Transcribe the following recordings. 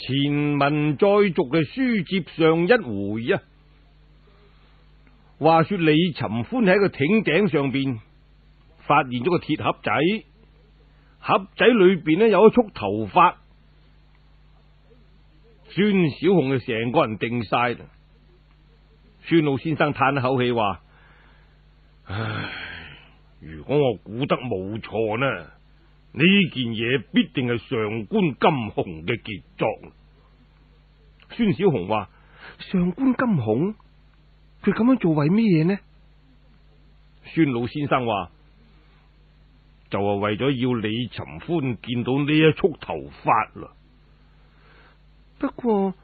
前文再續嘅書接上一回呀。話說李尋歡喺個艇頂上邊發現咗個鐵盒仔，盒仔裏邊呢有一束頭髮。孫小紅就成個人定晒啦。孫老先生嘆一口氣話：唉，如果我估得冇錯呢？呢件嘢必定係上官金虹嘅傑作。孫小紅話：上官金虹，佢咁樣做為咩嘢呢？孫老先生話：就係為咗要李尋歡見到呢一束頭髮啦。不過，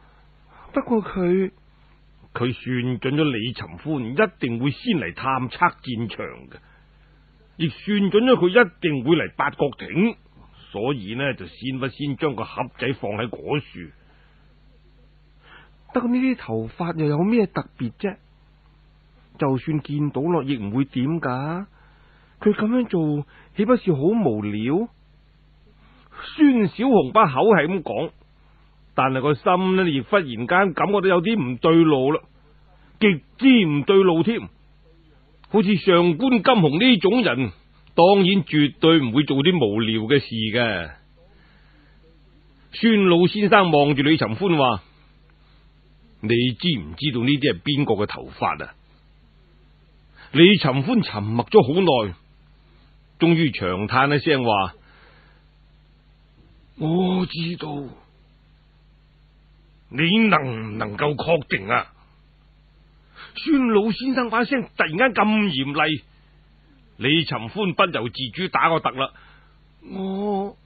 不過佢，佢算準咗李尋歡一定會先嚟探測戰場嘅。亦算準咗佢一定會嚟，八角亭，所以呢就先不先將個盒仔放喺嗰處。得呢啲頭髮又有咩特別啫？就算見到落，亦唔會點噶。佢咁樣做，豈不是好無聊？孫小紅把口係咁講，但係個心呢，亦忽然間感覺到有啲唔對路啦，極之唔對路添。好似上官金虹呢種人，當然絕對唔會做啲無聊嘅事嘅。孫老先生望住李尋歡話：「你知唔知道呢啲係邊個嘅頭髮啊？」李尋歡沉默咗好耐，終於長嘆一聲話：「我知道，你能唔能夠確定啊？」孫老先生把聲突然間咁嚴厲，李尋歡不由自主打個突啦。我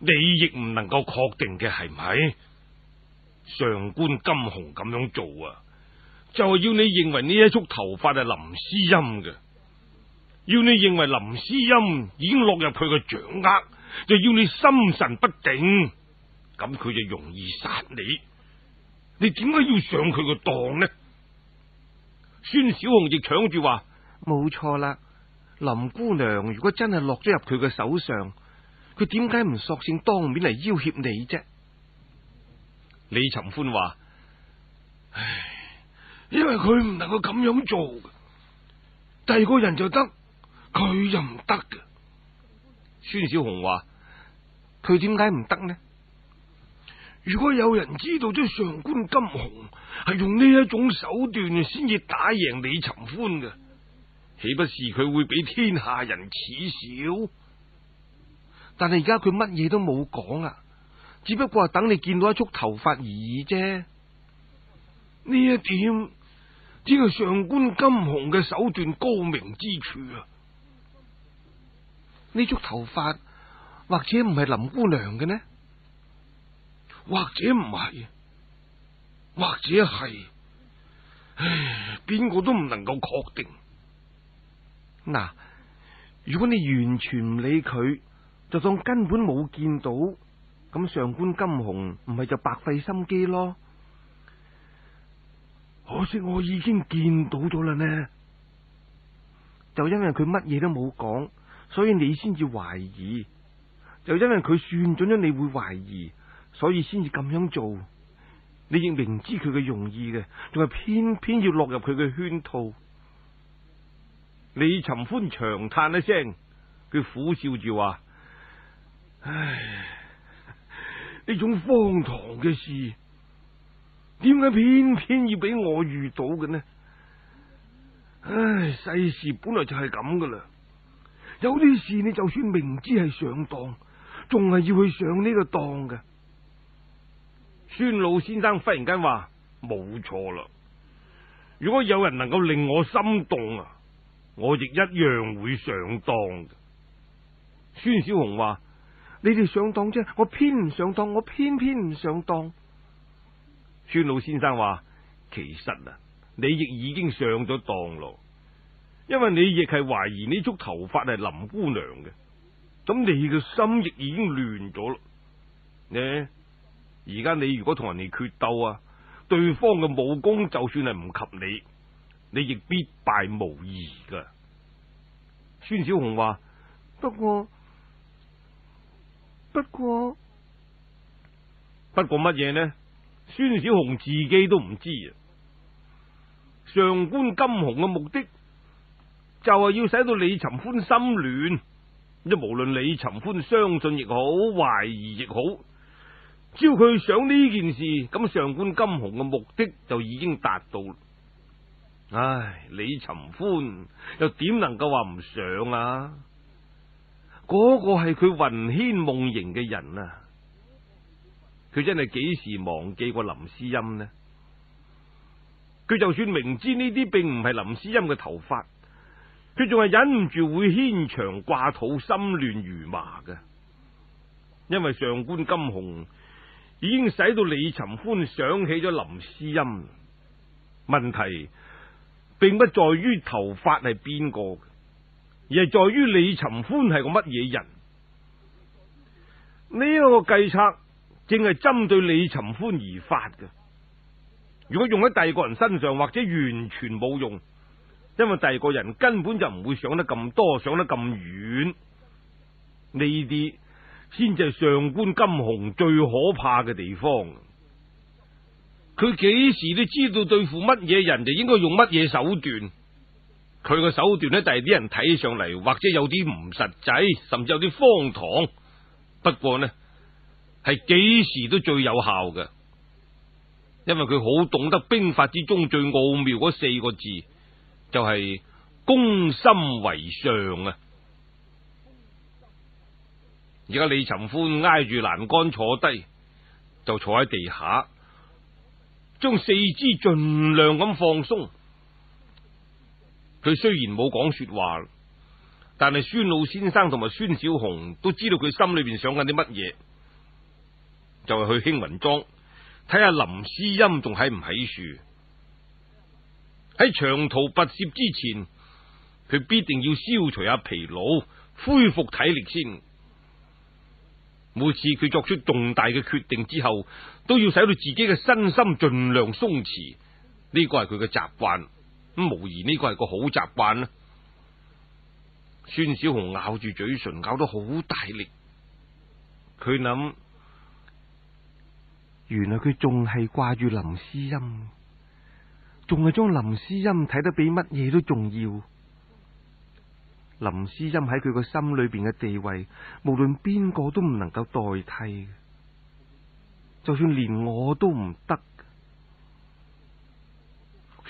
你亦唔能夠確定嘅，係唔係上官金鴻咁樣做啊？就係要你認為呢一束頭髮係林詩音嘅，要你認為林詩音已經落入佢嘅掌握，就要你心神不定，咁佢就容易殺你。你點解要上佢個當呢？孫小紅亦搶住話：冇錯啦，林姑娘如果真係落咗入佢嘅手上，佢點解唔索性當面嚟要挾你啫？李尋歡話：唉，因為佢唔能夠咁樣做，第二個人就得，佢又唔得嘅。孫 小紅話：佢點解唔得呢？如果有人知道咗上官金虹。係用呢一種手段先至打贏李尋歡嘅，豈不是佢會俾天下人恥笑？但係而家佢乜嘢都冇講啊，只不過係等你見到一束頭髮而，而已啫。呢一點只係上官金鴻嘅手段高明之處啊！呢束頭髮或者唔係林姑娘嘅呢？或者唔係？或者係，唉，邊個都唔能夠確定。嗱，如果你完全唔理佢，就當根本冇見到，咁上官金虹唔係就白費心機咯。可惜我已經見到咗啦呢，就因為佢乜嘢都冇講，所以你先至懷疑。就因為佢算準咗你會懷疑，所以先至咁樣做。你亦明知佢嘅用意嘅，仲係偏偏要落入佢嘅圈套。李尋歡長嘆一聲，佢苦笑住話：唉，呢種荒唐嘅事，點解偏偏要俾我遇到嘅呢？唉，世事本來就係咁噶啦，有啲事你就算明知係上當，仲係要去上呢個當嘅。孫老先生忽然間話：冇錯啦，如果有人能夠令我心動啊，我亦一樣會上當。孫小紅話：你哋上當啫，我偏唔上當，我偏偏唔上當。孫老先生話：其實啊，你亦已經上咗當咯，因為你亦係懷疑呢束頭髮係林姑娘嘅，咁你嘅心亦已經亂咗啦，你、欸。而家你如果同人哋決鬥啊，對方嘅武功就算係唔及你，你亦必敗無疑噶。孫小紅話：不過，不過，不過乜嘢呢？孫小紅自己都唔知啊。上官金鴻嘅目的就係要使到李尋歡心亂，即無論李尋歡相信亦好，懷疑亦好。只要佢想呢件事，咁上官金虹嘅目的就已經達到。唉，李尋歡又點能夠話唔想啊？嗰個係佢魂牽夢縈嘅人啊！佢真係幾時忘記過林詩音呢？佢就算明知呢啲並唔係林詩音嘅頭髮，佢仲係忍唔住會牽腸掛肚、心亂如麻嘅，因為上官金虹。已經使到李尋歡想起咗林詩音。問題並不在於頭髮係邊個，而係在於李尋歡係個乜嘢人。呢一個計策正係針對李尋歡而發嘅。如果用喺第二個人身上，或者完全冇用，因為第二個人根本就唔會想得咁多，想得咁遠呢啲。先至係上官金虹最可怕嘅地方，佢幾時都知道對付乜嘢人就應該用乜嘢手段，佢個手段咧，第啲人睇上嚟，或者有啲唔實際，甚至有啲荒唐，不過呢係幾時都最有效嘅，因為佢好懂得兵法之中最奧妙嗰四個字，就係攻心為上啊。而家李尋歡挨住欄杆坐低，就坐喺地下，將四肢盡量咁放鬆。佢雖然冇講說話，但係孫老先生同埋孫小紅都知道佢心裏邊想緊啲乜嘢，就係去興雲莊睇下林詩音仲喺唔喺度。喺長途跋涉之前，佢必定要消除下疲勞，恢復體力先。每次佢作出重大嘅決定之後，都要使到自己嘅身心盡量鬆弛，呢個係佢嘅習慣。咁無疑呢個係個好習慣啦。孫小紅咬住嘴唇咬得好大力，佢諗，原來佢仲係掛住林詩音，仲係將林詩音睇得比乜嘢都重要。林詩音喺佢個心裏邊嘅地位，無論邊個都唔能夠代替，就算連我都唔得。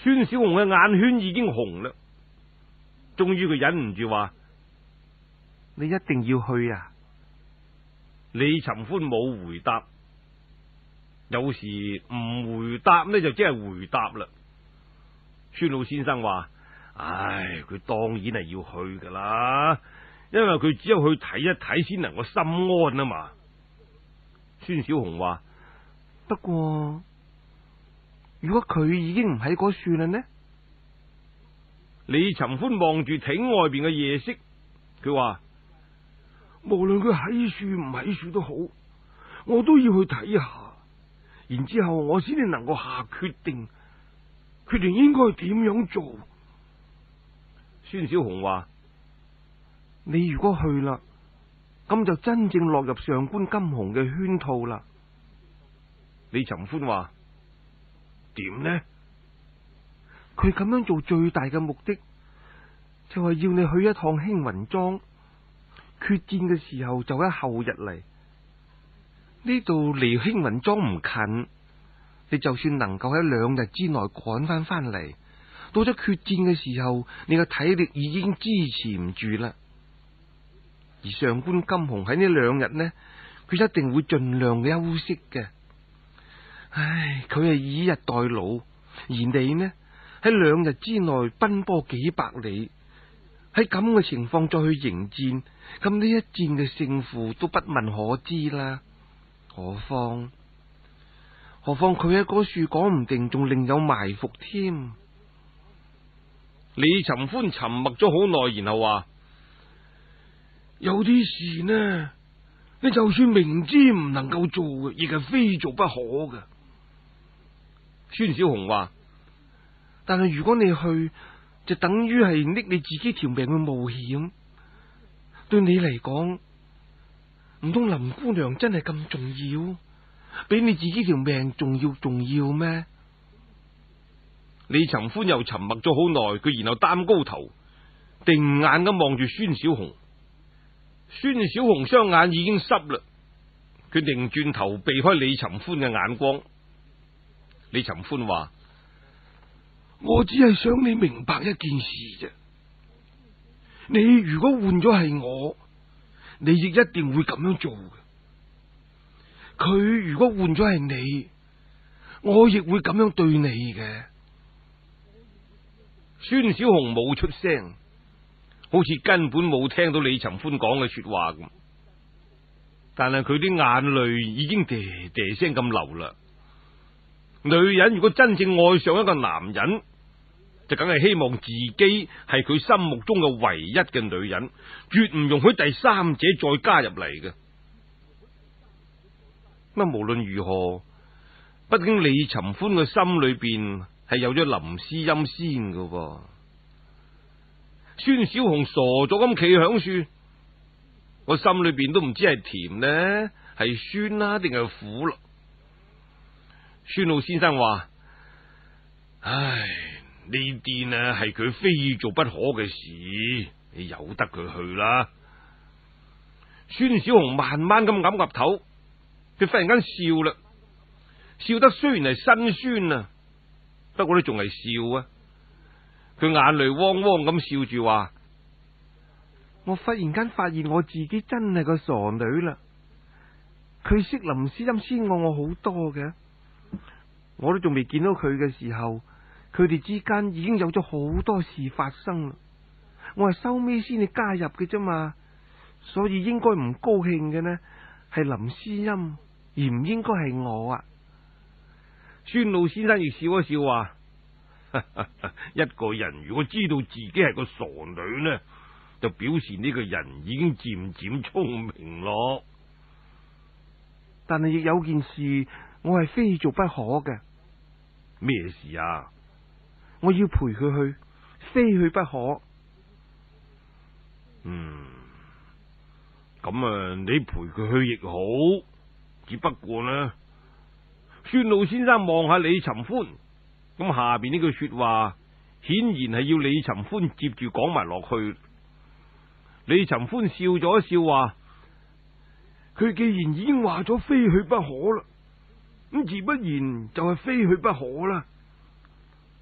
孫小紅嘅眼圈已經紅嘞。終於佢忍唔住話：你一定要去啊！李尋歡冇回答，有時唔回答呢就即係回答嘞。孫老先生話。唉，佢當然係要去噶啦，因為佢只有去睇一睇先能夠心安啊嘛。孫小紅話：不過如果佢已經唔喺嗰樹啦呢？李尋歡望住艇外邊嘅夜色，佢話：無論佢喺樹唔喺樹都好，我都要去睇下，然之後我先至能夠下決定，決定應該點樣做。孫小紅話：你如果去啦，咁就真正落入上官金虹嘅圈套啦。李尋歡話：點呢？佢咁樣做最大嘅目的，就係、是、要你去一趟興雲莊決戰嘅時候，就喺後日嚟。呢度離興雲莊唔近，你就算能夠喺兩日之內趕翻翻嚟。到咗決戰嘅時候，你嘅體力已經支持唔住啦。而上官金虹喺呢兩日呢，佢一定會盡量休息嘅。唉，佢係以逸待勞，而你呢，喺兩日之內奔波幾百里，喺咁嘅情況再去迎戰，咁呢一戰嘅勝負都不問可知啦。何況，何況佢喺嗰處，講唔定仲另有埋伏添。李尋歡沉默咗好耐，然後話：有啲事呢，你就算明知唔能夠做，亦係非做不可噶。孫小紅話：但係如果你去，就等於係搦你自己條命去冒險。對你嚟講，唔通林姑娘真係咁重要，比你自己條命仲要重要咩？李尋歡又沉默咗好耐，佢然後擔高頭，定眼咁望住孫小紅。孫小紅雙眼已經濕啦，佢定轉頭避開李尋歡嘅眼光。李尋歡話：我只係想你明白一件事啫。你如果換咗係我，你亦一定會咁樣做嘅。佢如果換咗係你，我亦會咁樣對你嘅。孫小紅冇出聲，好似根本冇聽到李尋歡講嘅說話咁，但係佢啲眼淚已經嗲嗲聲咁流啦。女人如果真正愛上一個男人，就梗係希望自己係佢心目中嘅唯一嘅女人，絕唔容許第三者再加入嚟嘅。咁啊，無論如何，畢竟李尋歡嘅心裏邊。係有咗林詩音先嘅噃，孫小紅傻咗咁企響樹，我心裏邊都唔知係甜呢，係酸啦定係苦咯。孫老先生話：唉，呢啲呢係佢非做不可嘅事，你由得佢去啦。孫小紅慢慢咁岌岌頭，佢忽然間笑啦，笑得雖然係辛酸啊。不過咧，仲係笑啊！佢眼淚汪汪咁笑住話：我忽然間發現我自己真係個傻女啦！佢識林詩音先過我好多嘅，我都仲未見到佢嘅時候，佢哋之間已經有咗好多事發生啦。我係收尾先至加入嘅啫嘛，所以應該唔高興嘅呢，係林詩音，而唔應該係我啊！孫老先生亦笑一笑話：一個人如果知道自己係個傻女呢，就表示呢個人已經漸漸聰明咯。但係亦有件事，我係非做不可嘅。咩事啊？我要陪佢去，非去不可。嗯，咁啊，你陪佢去亦好，只不過呢，孫老先生望下李尋歡，咁下邊呢句說話，顯然係要李尋歡接住講埋落去。李尋歡笑咗一笑，話：佢既然已經話咗非去不可啦，咁自不然就係非去不可啦。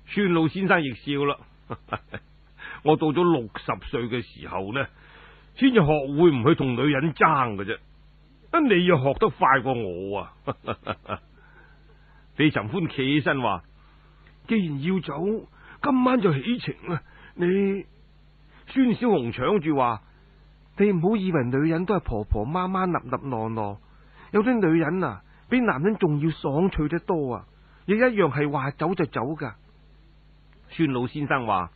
孫老先生亦笑啦， 我到咗六十歲嘅時候呢，先至學會唔去同女人爭嘅啫。啊，你又學得快過我啊！李尋歡企起身話：甜 anka 既然要走，今晚就起程啦。你孫小紅搶住話：你唔好以為女人都係婆婆媽媽立立囉囉，有啲女人啊，比男人仲要爽脆得多啊，亦一樣係話走就走噶。孫老先生話：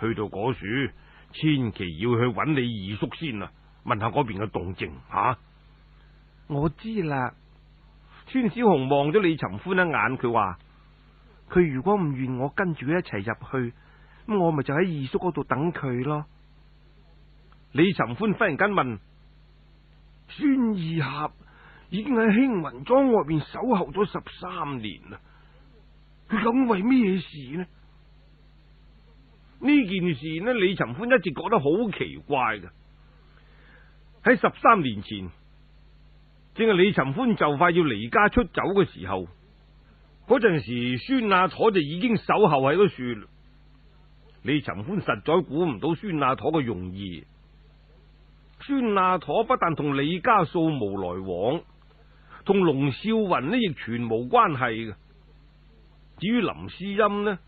去到果樹，千祈要去揾你二叔先啊。問問」問下嗰邊嘅動靜吓。我知啦。孫小紅望咗李尋歡一眼，佢話：佢如果唔願我跟住佢一齊入去，咁我咪就喺二叔度等佢咯。李尋歡忽然間問：孫二俠已經喺興雲莊外邊守候咗十三年啦，佢咁為咩事呢？呢件事呢，李尋歡一直覺得好奇怪嘅。喺十三年前。正係李尋歡就快要離家出走嘅時候，嗰陣時孫亞妥就已經守候喺度。李尋歡實在估唔到孫亞妥嘅用意。孫亞妥不但同李家素無來往，同龍嘯雲呢亦全無關係嘅。至於林詩音呢，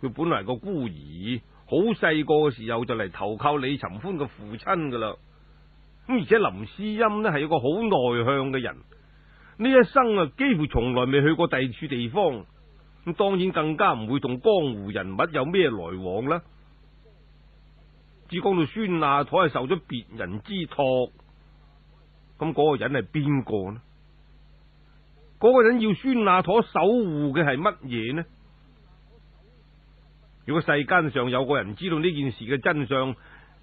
佢本來係個孤兒，好細個嘅時候就嚟投靠李尋歡嘅父親噶啦。咁而且林詩音呢係一個好內向嘅人，呢一生啊幾乎從來未去過第處地方，咁當然更加唔會同江湖人物有咩來往啦。至講到孫亞妥係受咗別人之託，咁、那、嗰個人係邊個呢？嗰、那個人要孫亞妥守護嘅係乜嘢呢？如果世間上有個人知道呢件事嘅真相，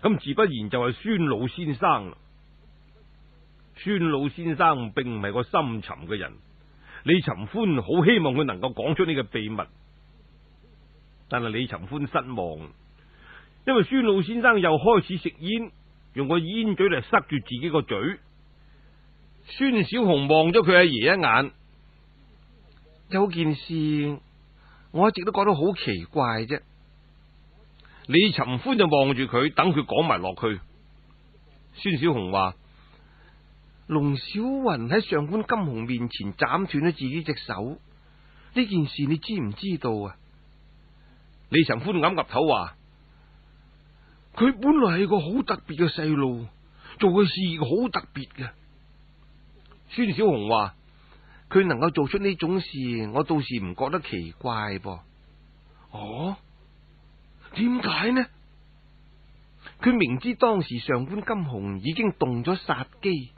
咁自不然就係孫老先生。孫老先生並唔係個深沉嘅人，李尋歡好希望佢能夠講出呢個秘密，但係李尋歡失望，因為孫老先生又開始食煙，用個煙嘴嚟塞住自己個嘴。孫小紅望咗佢阿爺一眼，有件事我一直都覺得好奇怪啫。李尋歡就望住佢，等佢講埋落去。孫小紅話。龍小雲喺上官金虹面前斬斷咗自己隻手，呢件事你知唔知道啊？李尋歡噉岌頭話：佢本來係個好特別嘅細路，做嘅事好特別嘅。孫小紅話：佢能夠做出呢種事，我倒是唔覺得奇怪噃。哦，點解呢？佢明知當時上官金虹已經動咗殺機。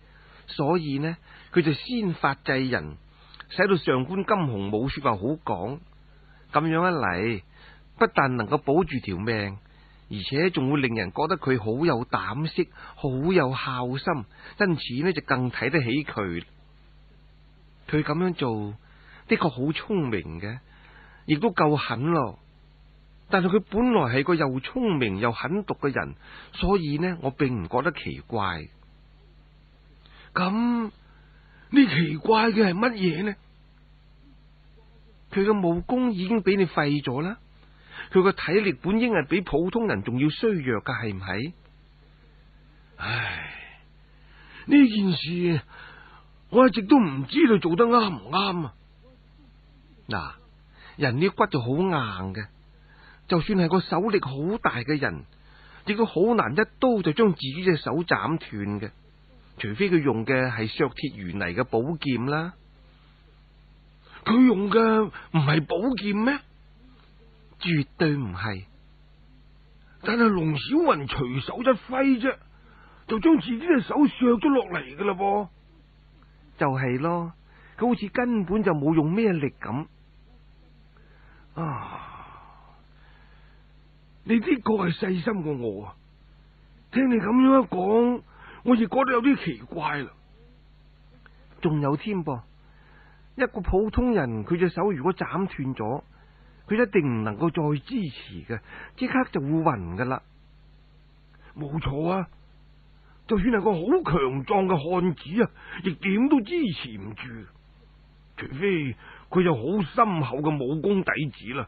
所以呢，佢就先發制人，使到上官金虹冇說話好講。咁樣一嚟，不但能夠保住條命，而且仲會令人覺得佢好有膽識，好有孝心。因此呢，就更睇得起佢。佢咁樣做的確好聰明嘅，亦都夠狠咯，哦。但係佢本來係個又聰明又狠毒嘅人，所以呢，我並唔覺得奇怪。咁呢奇怪嘅係乜嘢呢？佢嘅武功已經俾你廢咗啦，佢個體力本應係比普通人仲要衰弱噶，係唔係？唉，呢件事我一直都唔知佢做得啱唔啱啊！嗱，人啲骨就好硬嘅，就算係個手力好大嘅人，亦都好難一刀就將自己隻手斬斷嘅。除非佢用嘅係削鐵如泥嘅寶劍啦，佢用嘅唔係寶劍咩？絕對唔係。但係龍小雲隨手一揮啫，就將自己隻手削咗落嚟，㗎喇噃，就係咯。佢好似根本就冇用咩力咁，啊。你的確係細心過我啊！聽你咁樣一講。我亦覺得有啲奇怪啦，仲有添噃，一個普通人，佢隻手如果斬斷咗，佢一定唔能夠再支持嘅，即刻就會暈噶啦。冇錯啊，就算係個好強壯嘅漢子啊，亦點都支持唔住，除非佢有好深厚嘅武功底子啦。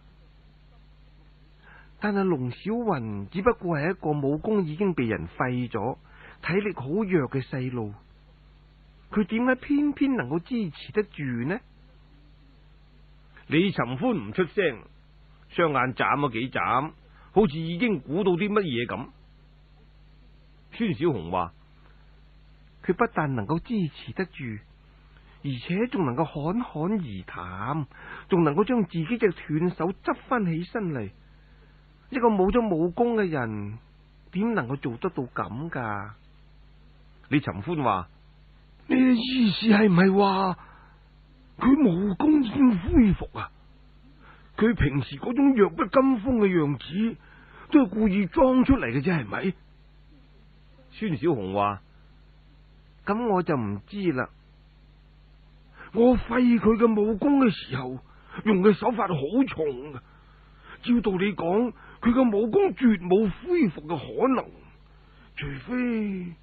但係龍小雲只不過係一個武功已經被人廢咗。體力好弱嘅細路，佢點解偏偏能夠支持得住呢？李尋歡唔出聲，雙眼眨咗幾眨，好似已經估到啲乜嘢咁。孫小紅話：佢不但能夠支持得住，而且仲能夠侃侃而談，仲能夠將自己隻斷手執翻起身嚟。一個冇咗武功嘅人，點能夠做得到咁噶？李尋歡話：你嘅意思係唔係話佢武功已經恢復啊？佢平時嗰種弱不禁風嘅樣子，都係故意裝出嚟嘅啫，係咪？孫小紅話：咁我就唔知啦。我廢佢嘅武功嘅時候，用嘅手法好重嘅、啊。照道理講，佢嘅武功絕冇恢復嘅可能，除非。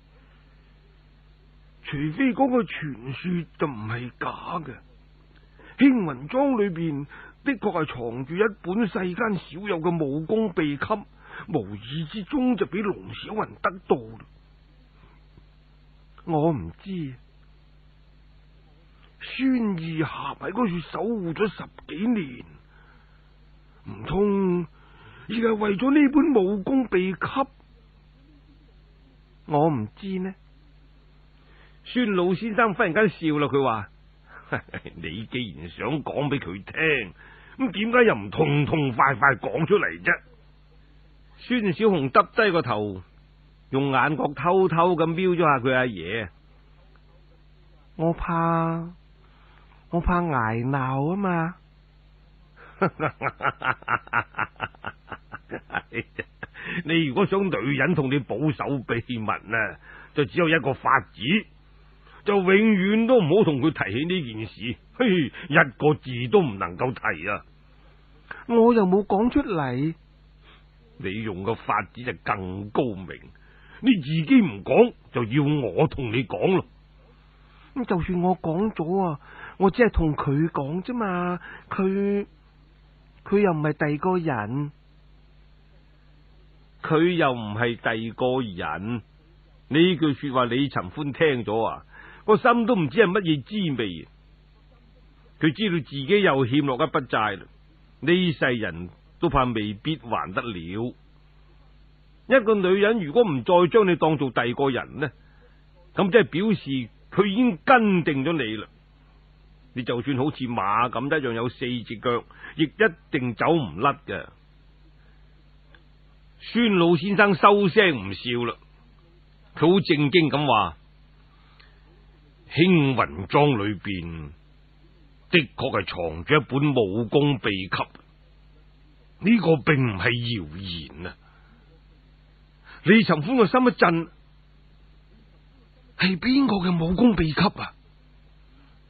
除非嗰個傳說就唔係假嘅，興雲莊裏邊的確係藏住一本世間少有嘅武功秘笈，無意之中就俾龍小雲得到。我唔知，孫二俠喺嗰處守護咗十幾年，唔通亦係為咗呢本武功秘笈我唔知呢。孫老先生忽然間笑啦，佢話：你既然想講俾佢聽，咁點解又唔痛痛快快講出嚟啫？孫、嗯、小紅耷低個頭，用眼角偷偷咁瞄咗下佢阿爺。我怕，我怕挨鬧啊嘛！ 你如果想女人同你保守秘密呢，就只有一個法子。就永遠都唔好同佢提起呢件事，嘿，嘿，一個字都唔能夠提啊！我又冇講出嚟，你用個法子就更高明，你自己唔講就要我同你講咯。咁就算我講咗啊，我只係同佢講啫嘛，佢佢又唔係第個人，佢又唔係第個人，呢句說話李尋歡聽咗啊！個心都唔知係乜嘢滋味啊，佢知道自己又欠落一筆債。呢世人都怕未必還得了。一個女人如果唔再將你當做第二個人呢，咁即係表示佢已經跟定咗你啦。你就算好似馬咁一樣有四隻腳，亦一定走唔甩嘅。孫老先生收聲唔笑啦，佢好正經咁話。輕雲莊裏邊的確係藏住一本武功秘笈，呢個並唔係謠言啊！李尋歡個心一震，係邊個嘅武功秘笈啊？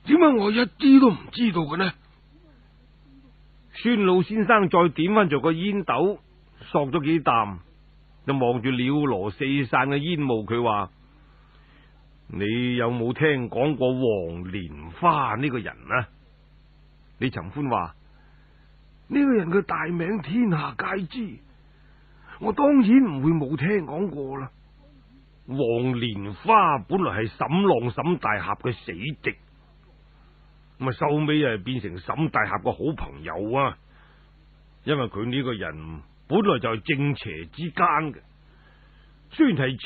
點解我一啲都唔知道嘅呢？孫老先生再點翻住個煙斗，索咗幾啖，就望住了羅四散嘅煙霧，佢話。你有冇聽講過黃蓮花呢個人啊？李尋歡話：呢個人佢大名天下皆知，我當然唔會冇聽講過啦。黃蓮花本來係沈浪沈大俠嘅死敵，咁收尾啊變成沈大俠嘅好朋友啊！因為佢呢個人本來就係正邪之間嘅，雖然係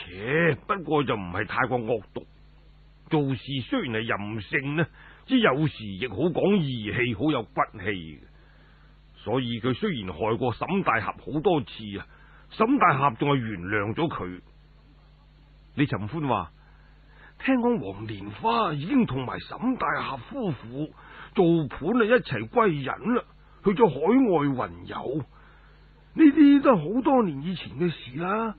邪，不過就唔係太過惡毒。做事雖然係任性呢，即有時亦好講義氣，好有骨氣。所以佢雖然害過沈大俠好多次啊，沈大俠仲係原諒咗佢。李尋歡話：聽講黃蓮花已經同埋沈大俠夫婦做伴啊，一齊歸隱啦，去咗海外雲遊。呢啲都好多年以前嘅事啦。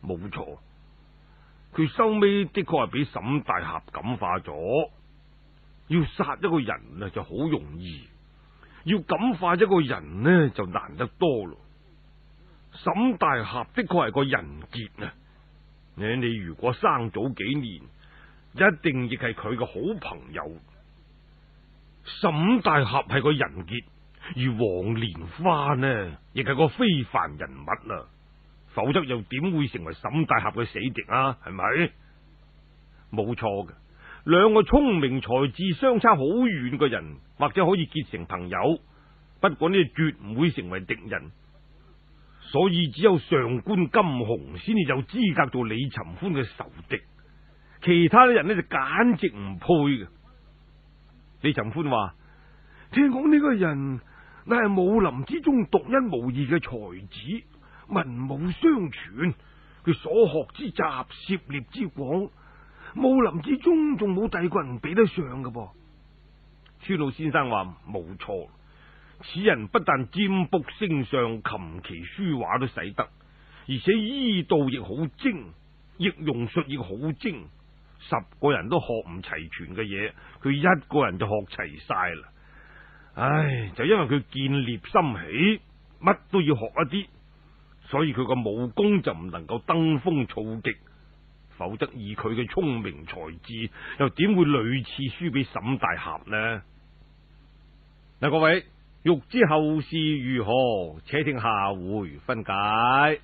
冇錯。佢收尾的確係俾沈大俠感化咗，要殺一個人呢就好容易，要感化一個人呢就難得多咯。沈大俠的確係個人傑啊！你你如果生早幾年，一定亦係佢嘅好朋友。沈大俠係個人傑，而黃蓮花呢亦係個非凡人物啦。否則又點會成為沈大俠嘅死敵啊？係咪？冇錯嘅，兩個聰明才智相差好遠嘅人，或者可以結成朋友。不過呢，絕唔會成為敵人。所以只有上官金鴻先至有資格做李尋歡嘅仇敵。其他嘅人呢，就簡直唔配嘅。李尋歡話：聽講呢個人乃係武林之中獨一無二嘅才子。文武雙全，佢所學之雜涉獵之廣，武林之中仲冇第個人比得上噶噃。孫老先生話：冇錯，此人不但占卜、星相、琴棋書畫都使得，而且醫道亦好精，亦用術亦好精。十個人都學唔齊全嘅嘢，佢一個人就學齊晒啦。唉，就因為佢見獵心喜，乜都要學一啲。所以佢個武功就唔能夠登峰造極，否則以佢嘅聰明才智，又點會屢次輸俾沈大俠呢？嗱，各位欲知後事如何，且聽下回分解。